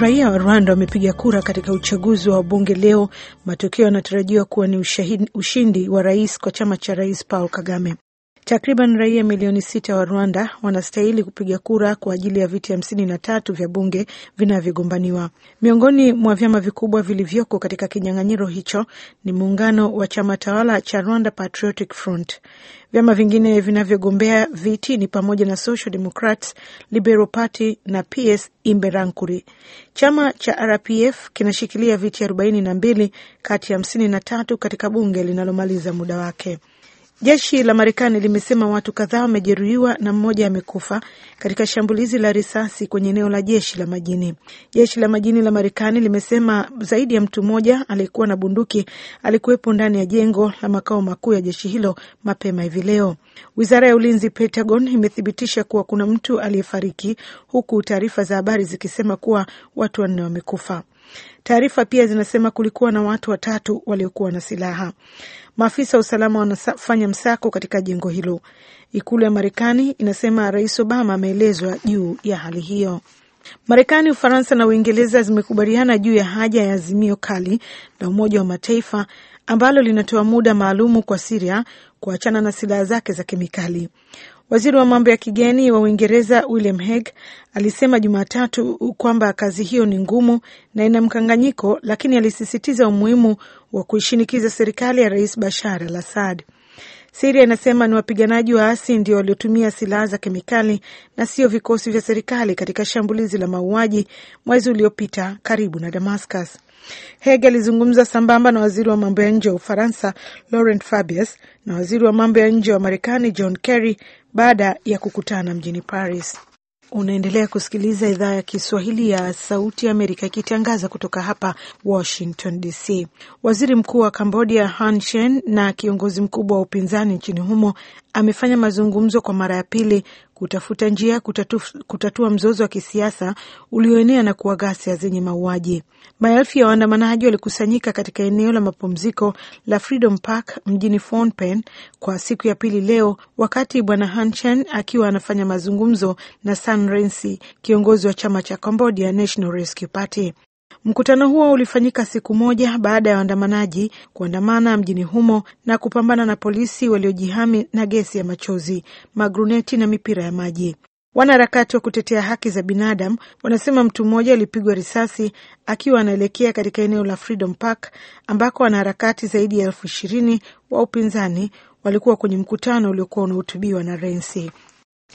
Raia wa Rwanda wamepiga kura katika uchaguzi wa bunge leo, matokeo yanatarajiwa kuwa ni ushahidi, ushindi wa rais kwa chama cha rais Paul Kagame. Takriban raia milioni sita wa Rwanda wanastahili kupiga kura kwa ajili ya viti hamsini na tatu vya bunge vinavyogombaniwa. Miongoni mwa vyama vikubwa vilivyoko katika kinyang'anyiro hicho ni muungano wa chama tawala cha Rwanda Patriotic Front. Vyama vingine vinavyogombea viti ni pamoja na Social Democrats, Liberal Party na PS Imberankuri. Chama cha RPF kinashikilia viti arobaini na mbili kati ya hamsini na tatu katika bunge linalomaliza muda wake. Jeshi la Marekani limesema watu kadhaa wamejeruhiwa na mmoja amekufa katika shambulizi la risasi kwenye eneo la jeshi la majini. Jeshi la majini la Marekani limesema zaidi ya mtu mmoja aliyekuwa na bunduki alikuwepo ndani ya jengo la makao makuu ya jeshi hilo mapema hivi leo. Wizara ya ulinzi Pentagon imethibitisha kuwa kuna mtu aliyefariki, huku taarifa za habari zikisema kuwa watu wanne wamekufa. Taarifa pia zinasema kulikuwa na watu watatu waliokuwa na silaha. Maafisa wa usalama wanafanya msako katika jengo hilo. Ikulu ya Marekani inasema Rais Obama ameelezwa juu ya hali hiyo. Marekani, Ufaransa na Uingereza zimekubaliana juu ya haja ya azimio kali la Umoja wa Mataifa ambalo linatoa muda maalumu kwa Siria kuachana na silaha zake za kemikali. Waziri wa mambo ya kigeni wa Uingereza William Hague alisema Jumatatu kwamba kazi hiyo ni ngumu na ina mkanganyiko, lakini alisisitiza umuhimu wa kuishinikiza serikali ya Rais Bashar al-Assad. Siria inasema ni wapiganaji waasi ndio waliotumia silaha za kemikali na sio vikosi vya serikali katika shambulizi la mauaji mwezi uliopita karibu na Damascus. Hege alizungumza sambamba na waziri wa mambo ya nje wa Ufaransa Laurent Fabius na waziri wa mambo ya nje wa Marekani John Kerry baada ya kukutana mjini Paris. Unaendelea kusikiliza idhaa ya Kiswahili ya Sauti Amerika ikitangaza kutoka hapa Washington DC. Waziri Mkuu wa Kambodia Hun Sen na kiongozi mkubwa wa upinzani nchini humo amefanya mazungumzo kwa mara ya pili kutafuta njia kutatua mzozo wa kisiasa ulioenea na kuwa ghasia zenye mauaji. Maelfu ya waandamanaji walikusanyika katika eneo la mapumziko la Freedom Park mjini Phnom Penh kwa siku ya pili leo, wakati bwana Hun akiwa anafanya mazungumzo na san Rainsy, kiongozi wa chama cha Cambodia National Rescue Party. Mkutano huo ulifanyika siku moja baada ya waandamanaji kuandamana mjini humo na kupambana na polisi waliojihami na gesi ya machozi, magruneti na mipira ya maji. Wanaharakati wa kutetea haki za binadamu wanasema mtu mmoja alipigwa risasi akiwa anaelekea katika eneo la Freedom Park ambako wanaharakati zaidi ya elfu ishirini wa upinzani walikuwa kwenye mkutano uliokuwa unahutubiwa na rensi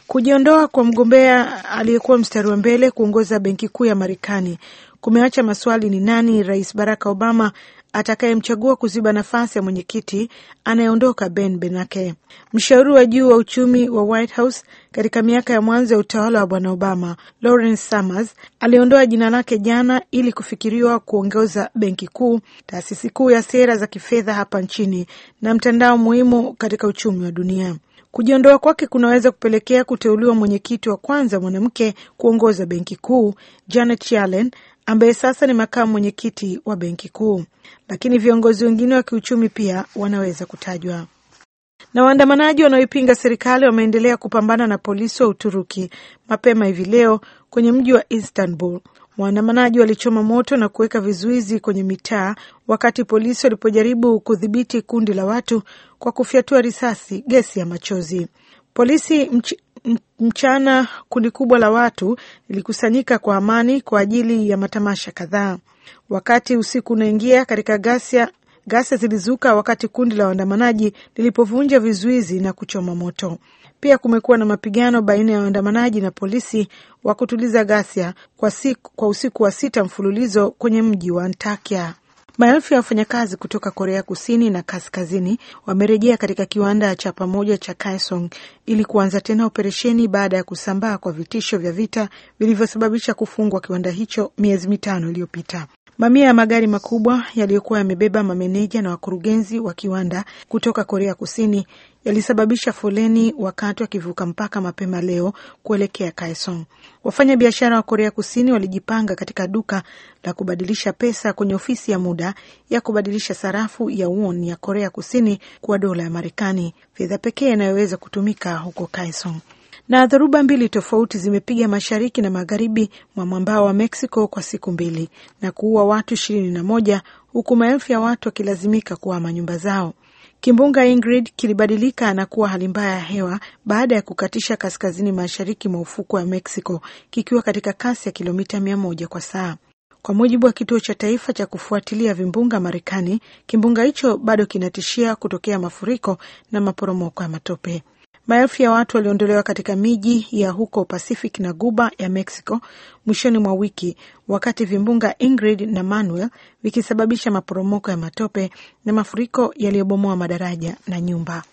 Kujiondoa kwa mgombea aliyekuwa mstari wa mbele kuongoza benki kuu ya Marekani kumeacha maswali: ni nani Rais Barack Obama atakayemchagua kuziba nafasi ya mwenyekiti anayeondoka Ben Bernanke. Mshauri wa juu wa uchumi wa White House katika miaka ya mwanzo ya utawala wa bwana Obama, Lawrence Summers aliondoa jina lake jana ili kufikiriwa kuongoza benki kuu, taasisi kuu ya sera za kifedha hapa nchini na mtandao muhimu katika uchumi wa dunia. Kujiondoa kwake kunaweza kupelekea kuteuliwa mwenyekiti wa kwanza mwanamke kuongoza benki kuu, Janet Yellen, ambaye sasa ni makamu mwenyekiti wa benki kuu, lakini viongozi wengine wa kiuchumi pia wanaweza kutajwa. Na waandamanaji wanaoipinga serikali wameendelea kupambana na polisi wa Uturuki mapema hivi leo kwenye mji wa Istanbul Waandamanaji walichoma moto na kuweka vizuizi kwenye mitaa wakati polisi walipojaribu kudhibiti kundi la watu kwa kufyatua risasi, gesi ya machozi. Polisi mch mchana, kundi kubwa la watu lilikusanyika kwa amani kwa ajili ya matamasha kadhaa. Wakati usiku unaingia katika ghasia Ghasia zilizuka wakati kundi la waandamanaji lilipovunja vizuizi na kuchoma moto. Pia kumekuwa na mapigano baina ya waandamanaji na polisi wa kutuliza ghasia kwa, kwa usiku wa sita mfululizo kwenye mji wa Antakya. Maelfu ya wafanyakazi kutoka Korea Kusini na Kaskazini wamerejea katika kiwanda cha pamoja cha Kaesong ili kuanza tena operesheni baada ya kusambaa kwa vitisho vya vita vilivyosababisha kufungwa kiwanda hicho miezi mitano iliyopita. Mamia ya magari makubwa yaliyokuwa yamebeba mameneja na wakurugenzi wa kiwanda kutoka Korea Kusini yalisababisha foleni wakati wakivuka mpaka mapema leo kuelekea Kaesong. Wafanyabiashara wa Korea Kusini walijipanga katika duka la kubadilisha pesa kwenye ofisi ya muda ya kubadilisha sarafu ya won ya Korea Kusini kwa dola ya Marekani, fedha pekee inayoweza kutumika huko Kaesong. Na dhoruba mbili tofauti zimepiga mashariki na magharibi mwa mwambao wa Mexico kwa siku mbili na kuua watu ishirini na moja huku maelfu ya watu wakilazimika kuhama nyumba zao. Kimbunga Ingrid kilibadilika na kuwa hali mbaya ya hewa baada ya kukatisha kaskazini mashariki mwa ufukwe wa Mexico kikiwa katika kasi ya kilomita mia moja kwa saa. Kwa mujibu wa kituo cha taifa cha kufuatilia vimbunga Marekani, kimbunga hicho bado kinatishia kutokea mafuriko na maporomoko ya matope. Maelfu ya watu waliondolewa katika miji ya huko Pacific na Guba ya Mexico mwishoni mwa wiki wakati vimbunga Ingrid na Manuel vikisababisha maporomoko ya matope na mafuriko yaliyobomoa madaraja na nyumba.